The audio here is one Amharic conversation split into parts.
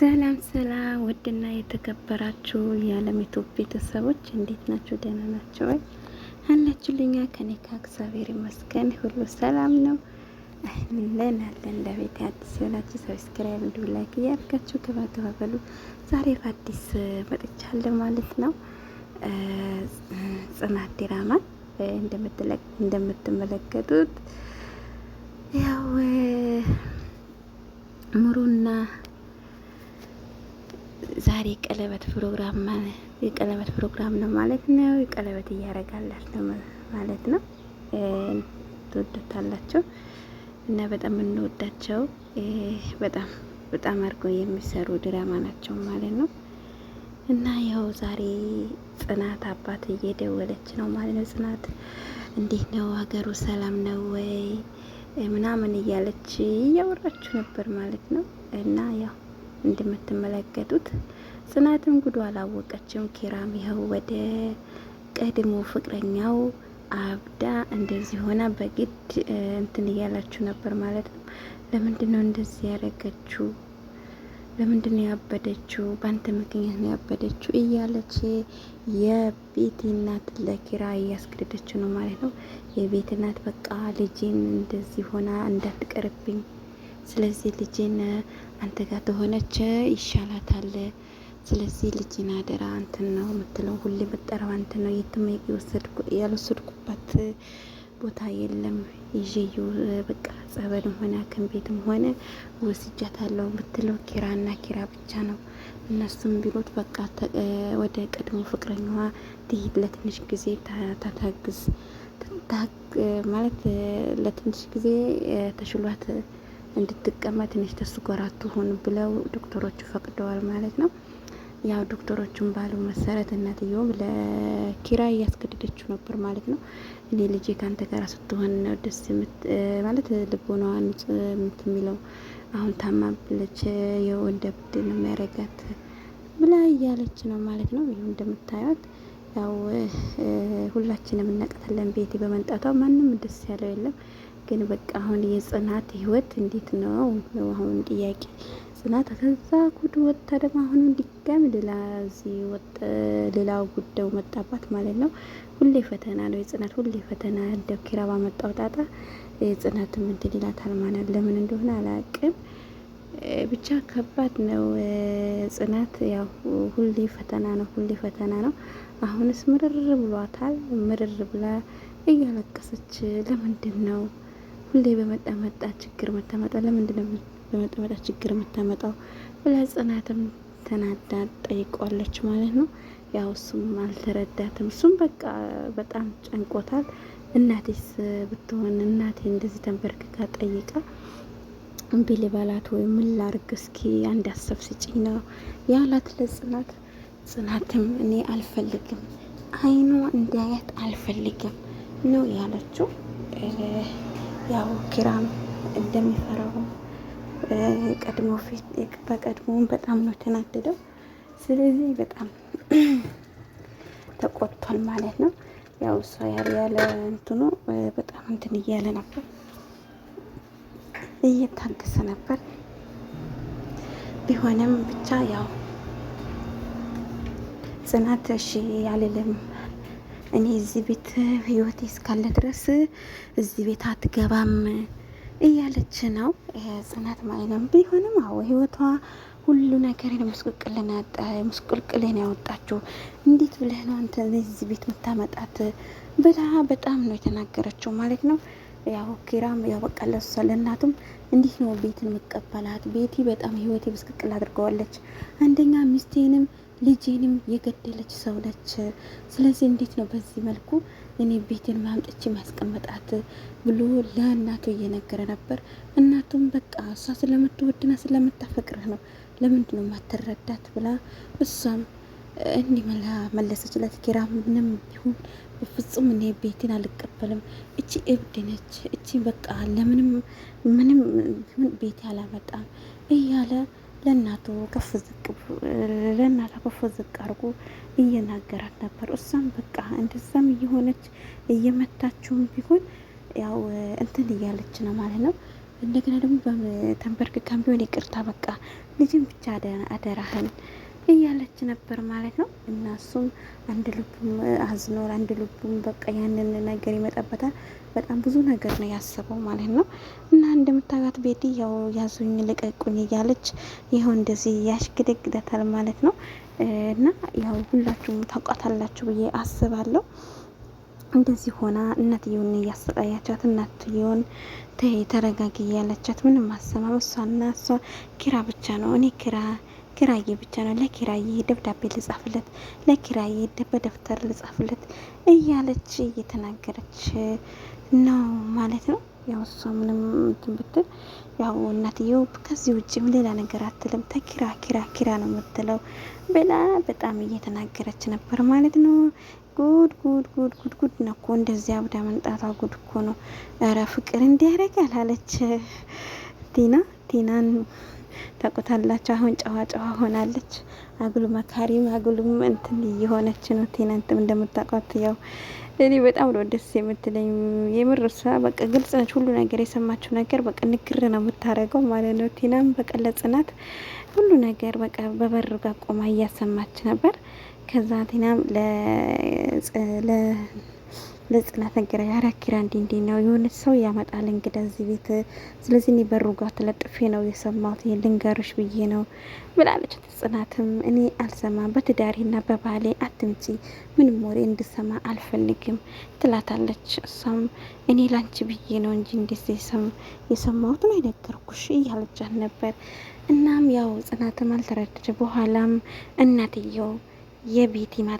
ሰላም ሰላም፣ ውድና የተከበራችሁ የዓለም ዩቱብ ቤተሰቦች እንዴት ናችሁ? ደህና ናቸው ወይ አላችሁልኛ? ከኔ ከእግዚአብሔር ይመስገን ሁሉ ሰላም ነው። አህለን አለን። ለቤት አዲስ የሆናችሁ ሰብስክራይብ እንዲሁ ላይክ እያደርጋችሁ ገባ ገባ በሉ። ዛሬ በአዲስ መጥቻለሁ ማለት ነው። ጽናት ዲራማን እንደምትመለከቱት ያው ምሩና ዛሬ ቀለበት ፕሮግራም የቀለበት ፕሮግራም ነው ማለት ነው። ቀለበት እያረጋላት ነው ማለት ነው። ትወዱታላቸው እና በጣም እንወዳቸው። በጣም በጣም አድርገው የሚሰሩ ድራማ ናቸው ማለት ነው። እና ያው ዛሬ ጽናት አባት እየደወለች ነው ማለት ነው። ጽናት እንዴት ነው ሀገሩ ሰላም ነው ወይ ምናምን እያለች እያወራችሁ ነበር ማለት ነው እና ያው እንደምትመለከቱት ጽናትም ጉዱ አላወቀችም። ኪራም ይኸው ወደ ቀድሞ ፍቅረኛው አብዳ እንደዚህ ሆና በግድ እንትን እያላችሁ ነበር ማለት ነው። ለምንድን ነው እንደዚህ ያደረገችው? ለምንድን ነው ያበደችው? በአንተ ምክንያት ነው ያበደችው እያለች የቤት እናት ለኪራ እያስገደደችው ነው ማለት ነው። የቤት እናት በቃ ልጄን እንደዚህ ሆና እንዳትቀርብኝ፣ ስለዚህ ልጄን አንተ ጋር ተሆነች ይሻላታል። ስለዚህ ልጅን አደራ አንተን ነው የምትለው፣ ሁሌ የምጠራው አንተን ነው። የትም ያልወሰድኩባት ቦታ የለም። ይዤዩ በቃ ጸበልም ሆነ ሐኪም ቤትም ሆነ ወስጃታለሁ የምትለው ኪራ እና ኪራ ብቻ ነው። እነሱም ቢሉት በቃ ወደ ቀድሞ ፍቅረኛዋ ትሂድ፣ ለትንሽ ጊዜ ታታግዝ፣ ማለት ለትንሽ ጊዜ ተሽሏት እንድትቀመጥ ትንሽ ተስጎራ ትሁን ብለው ዶክተሮቹ ፈቅደዋል ማለት ነው። ያው ዶክተሮቹን ባሉ መሰረት እናትየውም ለኪራይ እያስገደደችው ነበር ማለት ነው። እኔ ልጄ ከአንተ ጋር ስትሆን ነው ደስ ማለት ልቦና የምትሚለው አሁን ታማብለች የው እንደ ብድ ነው የሚያረጋት ብላ እያለች ነው ማለት ነው። ይህ እንደምታዩት ያው ሁላችንም እናቀታለን ቤቴ በመንጣቷ ማንም ደስ ያለው የለም። ግን በቃ አሁን የጽናት ህይወት እንዴት ነው ነው አሁን ጥያቄ ጽናት ከዛ ጉድ ወጥታ ደግሞ አሁን እንዲጋም ሌላ እዚህ ወጥ ሌላው ጉዳዩ መጣባት ማለት ነው። ሁሌ ፈተና ነው የጽናት ሁሌ ፈተና ያለው ኪራ ባመጣው ጣጣ የጽናት እንትን ይላታል ማለት ለምን እንደሆነ አላቅም። ብቻ ከባድ ነው ጽናት ያው ሁሌ ፈተና ነው ሁሌ ፈተና ነው። አሁንስ ምርር ብሏታል። ምርር ብላ እያለቀሰች ለምንድን ነው ሁሌ በመጣመጣ ችግር መታመጣ ለምንድነው በመጣመጣ ችግር የምታመጣው ብላ ጽናትም ተናዳ ጠይቋለች ማለት ነው። ያው እሱም አልተረዳትም። እሱም በቃ በጣም ጨንቆታል። እናቴስ ብትሆን እናቴ እንደዚህ ተንበርክካ ጠይቃ እምቢ ልበላት ወይ ምን ላርግ? እስኪ አንድ ሀሳብ ስጪኝ ነው ያላት ለጽናት። ጽናትም እኔ አልፈልግም፣ አይኗ እንዳያት አልፈልግም ነው ያለችው። ያው ኪራም እንደሚፈራው ቀድሞ ፊት በቀድሞውን በጣም ነው ተናደደው። ስለዚህ በጣም ተቆጥቷል ማለት ነው። ያው እሷ ያለ ያለ እንትኑ በጣም እንትን እያለ ነበር፣ እየታገሰ ነበር። ቢሆንም ብቻ ያው ጽናት እሺ ያለለም እኔ እዚህ ቤት ህይወቴ እስካለ ድረስ እዚህ ቤት አትገባም እያለች ነው ጽናት ማይለም ቢሆንም አዎ ህይወቷ ሁሉ ነገር ምስቁልቅልን ያወጣችው እንዴት ብለህ ነው አንተ እዚህ ቤት ምታመጣት ብላ በጣም ነው የተናገረችው ማለት ነው። ያው ኪራም ያው በቃ ለሷ ለእናቱም እንዲህ ነው ቤትን መቀበላት። ቤቲ በጣም ህይወቴ ምስቅልቅል አድርገዋለች። አንደኛ ሚስቴንም ልጄንም የገደለች ሰው ነች። ስለዚህ እንዴት ነው በዚህ መልኩ እኔ ቤትን ማምጠች ማስቀመጣት ብሎ ለእናቱ እየነገረ ነበር። እናቱም በቃ እሷ ስለምትወድና ስለምታፈቅርህ ነው ለምንድ ነው ማትረዳት ብላ እሷም እንዲህ መላ መለሰችለት። ኪራ ምንም ቢሆን በፍጹም እኔ ቤትን አልቀበልም። እቺ እብድ ነች። እቺ በቃ ለምንም ምንም ቤት አላመጣም እያለ ለእናቱ ከፍ ዝቅ ለእናቷ ከፍ ዝቅ አድርጎ እየናገራት ነበር። እሷም በቃ እንደዛም እየሆነች እየመታችውም ቢሆን ያው እንትን እያለች ነው ማለት ነው። እንደገና ደግሞ ተንበርክካም ቢሆን ይቅርታ በቃ ልጅም ብቻ አደራህን እያለች ነበር ማለት ነው። እና እሱም አንድ ልቡም አዝኖር አንድ ልቡም በቃ ያንን ነገር ይመጣበታል። በጣም ብዙ ነገር ነው ያሰበው ማለት ነው። እና እንደምታዩት ቤቲ ያው ያዙኝ ልቀቁኝ እያለች ይኸው እንደዚህ ያሽግደግደታል ማለት ነው። እና ያው ሁላችሁም ታውቋታላችሁ ብዬ አስባለሁ። እንደዚህ ሆና እናትየውን እያሰቃያቻት እናትየውን ተረጋጊ እያለቻት ምንም አሰማም እሷና እሷ ኪራ ብቻ ነው እኔ ኪራ ኪራዬ ብቻ ነው ለኪራዬ ደብዳቤ ልጻፍለት፣ ለኪራዬ በደብተር ልጻፍለት እያለች እየተናገረች ነው ማለት ነው። ያው እሷ ምንም እንትን ብትል ያው እናትየው ከዚህ ውጭም ሌላ ነገር አትልም። ተኪራ ኪራ ኪራ ነው የምትለው ብላ በጣም እየተናገረች ነበር ማለት ነው። ጉድ ጉድ ጉድ ጉድ ጉድ ነው እኮ አብዳ መንጣቷ ጉድ እኮ ነው። እረ ፍቅር እንዲያደርግ አለች ቲና ቲናን ታውቁታላችሁ። አሁን ጨዋ ጨዋ ሆናለች። አጉል መካሪም አጉልም እንትን እየሆነች ነው። ቴናንትም እንደምታቋት ያው እኔ በጣም ነው ደስ የምትለኝ። የምር እሷ በቃ ግልጽ ነች። ሁሉ ነገር የሰማችው ነገር በቃ ንግር ነው የምታደርገው ማለት ነው። ቴናም በቀለጽናት ሁሉ ነገር በቃ በበር ጋር ቆማ እያሰማች ነበር። ከዛ ቴናም ለ ለጽናት ነገር ያራ ኪራ እንዲ እንዲ ነው የሆነ ሰው ያመጣል እንግዳ እዚህ ቤት። ስለዚህ እኔ በሩ ጋር ተለጥፌ ነው የሰማሁት ልንገርሽ ብዬ ነው ብላለች። ጽናትም እኔ አልሰማም በትዳሬና በባሌ አትምጪ፣ ምንም ወሬ እንድሰማ አልፈልግም ትላታለች። እሷም እኔ ላንቺ ብዬ ነው እንጂ እንዴት የሰማሁት ነው የነገርኩሽ እያለቻት ነበር። እናም ያው ጽናትም አልተረደደ። በኋላም እናትየው የቤቲና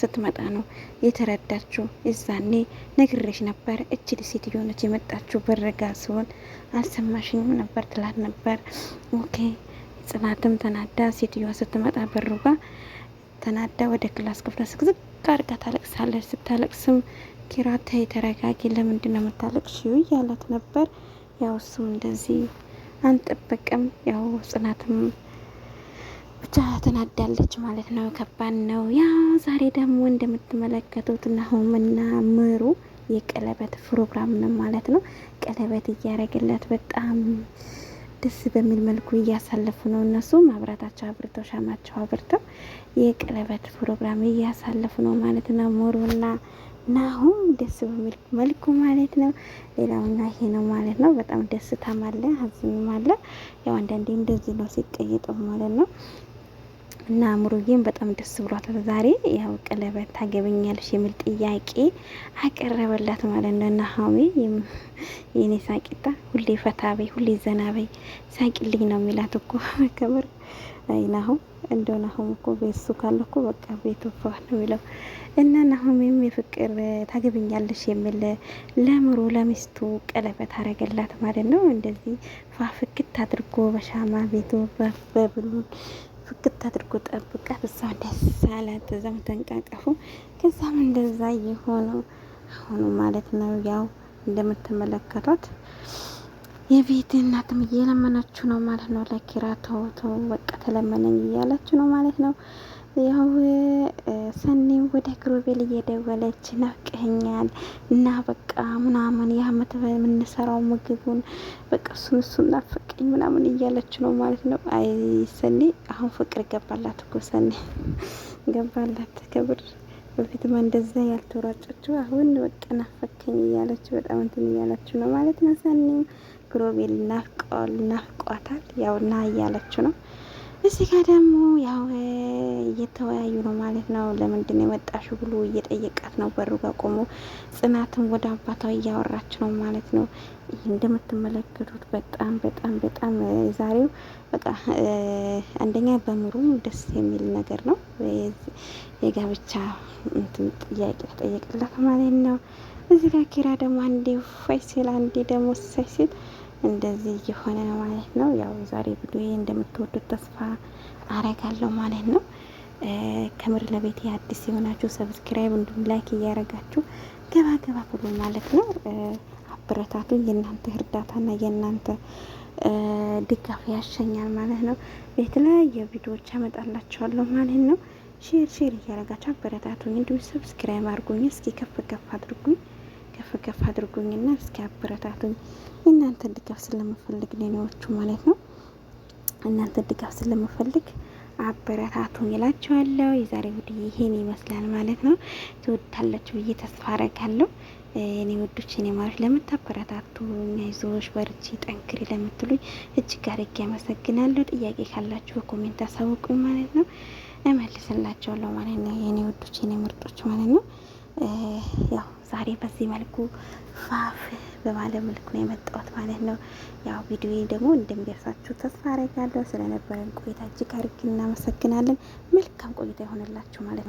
ስትመጣ ነው የተረዳችው። እዛኔ ነግሬሽ ነበር እች ሴትዮ ነች የመጣችው በረጋ ሲሆን አልሰማሽኝም ነበር ትላት ነበር። ኦኬ ጽናትም ተናዳ ሴትዮዋ ስትመጣ በሩጋ ተናዳ ወደ ክላስ ክፍለ ስግዝግ አርጋ ታለቅሳለች። ስታለቅስም ኪራ ተይ ተረጋጊ፣ ለምንድን ነው የምታለቅሺው እያላት ነበር። ያው እሱም እንደዚህ አንጠበቅም ያው ጽናትም ብቻ ተናዳለች ማለት ነው። ከባድ ነው። ያው ዛሬ ደግሞ እንደምትመለከቱት ናሆምና ምሩ የቀለበት ፕሮግራም ነው ማለት ነው። ቀለበት እያደረገለት በጣም ደስ በሚል መልኩ እያሳለፉ ነው። እነሱ ማብራታቸው አብርተው ሻማቸው አብርተው የቀለበት ፕሮግራም እያሳለፉ ነው ማለት ነው። ምሩና ናሆም ደስ በሚል መልኩ ማለት ነው። ሌላውና ይሄ ነው ማለት ነው። በጣም ደስታም አለ፣ ሀዘንም አለ። ያው አንዳንዴ እንደዚህ ነው ሲቀይጠው ማለት ነው። እና አምሮዬም በጣም ደስ ብሏታል። ዛሬ ያው ቀለበት ታገበኛለሽ የሚል ጥያቄ አቀረበላት ማለት ነው። እና ሀሚ የኔ ሳቂታ ሁሌ ፈታበይ፣ ሁሌ ዘናበይ፣ ሳቂልኝ ነው የሚላት እኮ ከበር ናሁም እንደው ናሁም እኮ ቤሱ ካለ እኮ በቃ ቤቱ ነው የሚለው እና ናሁምም የፍቅር ታገብኛለሽ የሚል ለምሩ ለሚስቱ ቀለበት አረገላት ማለት ነው። እንደዚህ ፋፍክት አድርጎ በሻማ ቤቱ በብሉን ፍክት አድርጎ ጠብቃ ብሳ ደስ አላት። እዛም ተንቃቀፉ። ከዛም እንደዛ የሆኑ አሁኑ ማለት ነው። ያው እንደምትመለከቷት የቤት እናትም እየለመነችው ነው ማለት ነው። ለኪራ ተወተው ተው በቃ ተለመነኝ እያለችው ነው ማለት ነው። ያው ሰኔም ወደ ክሮቤል እየደወለች ናፍቀኸኛል እና በቃ ምናምን የአመት የምንሰራው ምግቡን በቃ እሱን እሱን ናፈቀኝ ምናምን እያለች ነው ማለት ነው። አይ ሰኔ አሁን ፍቅር ገባላት እኮ ሰኔ ገባላት ክብር። በፊትማ እንደዛ ያልተወራጨችው አሁን በቃ ናፈቀኝ እያለች በጣም እንትን እያለች ነው ማለት ነው። ሰኔም ክሮቤል ናፍቀዋል ናፍቋታል ያው ና እያለች ነው እዚህ ጋር ደግሞ ያው እየተወያዩ ነው ማለት ነው። ለምንድን የመጣሽ ብሎ እየጠየቃት ነው በሩ ጋር ቆሞ። ጽናትን ወደ አባቷ እያወራች ነው ማለት ነው። ይህ እንደምትመለከቱት በጣም በጣም በጣም ዛሬው በቃ አንደኛ በምሩ ደስ የሚል ነገር ነው። የጋብቻ እንትን ጥያቄ ተጠየቅላት ማለት ነው። እዚህ ጋር ኪራ ደግሞ አንዴ ፋይ ሲል አንዴ ደግሞ ሳይ ሲል እንደዚህ እየሆነ ነው ማለት ነው። የዛሬ ቪዲዮ እንደምትወዱት ተስፋ አረጋለሁ ማለት ነው። ከምር ለቤት አዲስ የሆናችሁ ሰብስክራይብ እንዲሁም ላይክ እያረጋችሁ ገባ ገባ ብሎ ማለት ነው አበረታቱ። የእናንተ እርዳታና የእናንተ ድጋፍ ያሸኛል ማለት ነው። የተለያየ ቪዲዮዎች አመጣላችኋለሁ ማለት ነው። ሼር ሼር እያረጋችሁ አበረታቱኝ፣ እንዲሁም ሰብስክራይብ አድርጉኝ። እስኪ ከፍ ከፍ አድርጉኝ ከፍ ከፍ አድርጉኝና እስኪ አበረታቱኝ። እናንተ ድጋፍ ስለምፈልግ ለኔዎቹ ማለት ነው እናንተ ድጋፍ ስለምፈልግ አበረታቱን ይላችኋለሁ። የዛሬ ውድ ይሄን ይመስላል ማለት ነው። ትወዳላችሁ ብዬ ተስፋ አረጋለሁ። እኔ ውዶች እኔ ማሪች ለምታበረታቱ አይዞሽ በርቺ ጠንክሪ ለምትሉኝ እጅግ አድርጌ አመሰግናለሁ። ጥያቄ ካላችሁ በኮሜንት አሳውቁኝ ማለት ነው፣ እመልስላቸዋለሁ ማለት ነው። የእኔ ውዶች የእኔ ምርጦች ማለት ነው ያው ዛሬ በዚህ መልኩ ፋፍ በባለ መልኩ ነው የመጣሁት ማለት ነው። ያው ቪዲዮ ደግሞ እንደሚደርሳችሁ ተስፋ አረጋለሁ። ስለነበረን ቆይታ እጅግ አድርጌ እናመሰግናለን። መልካም ቆይታ ይሆንላችሁ ማለት ነው።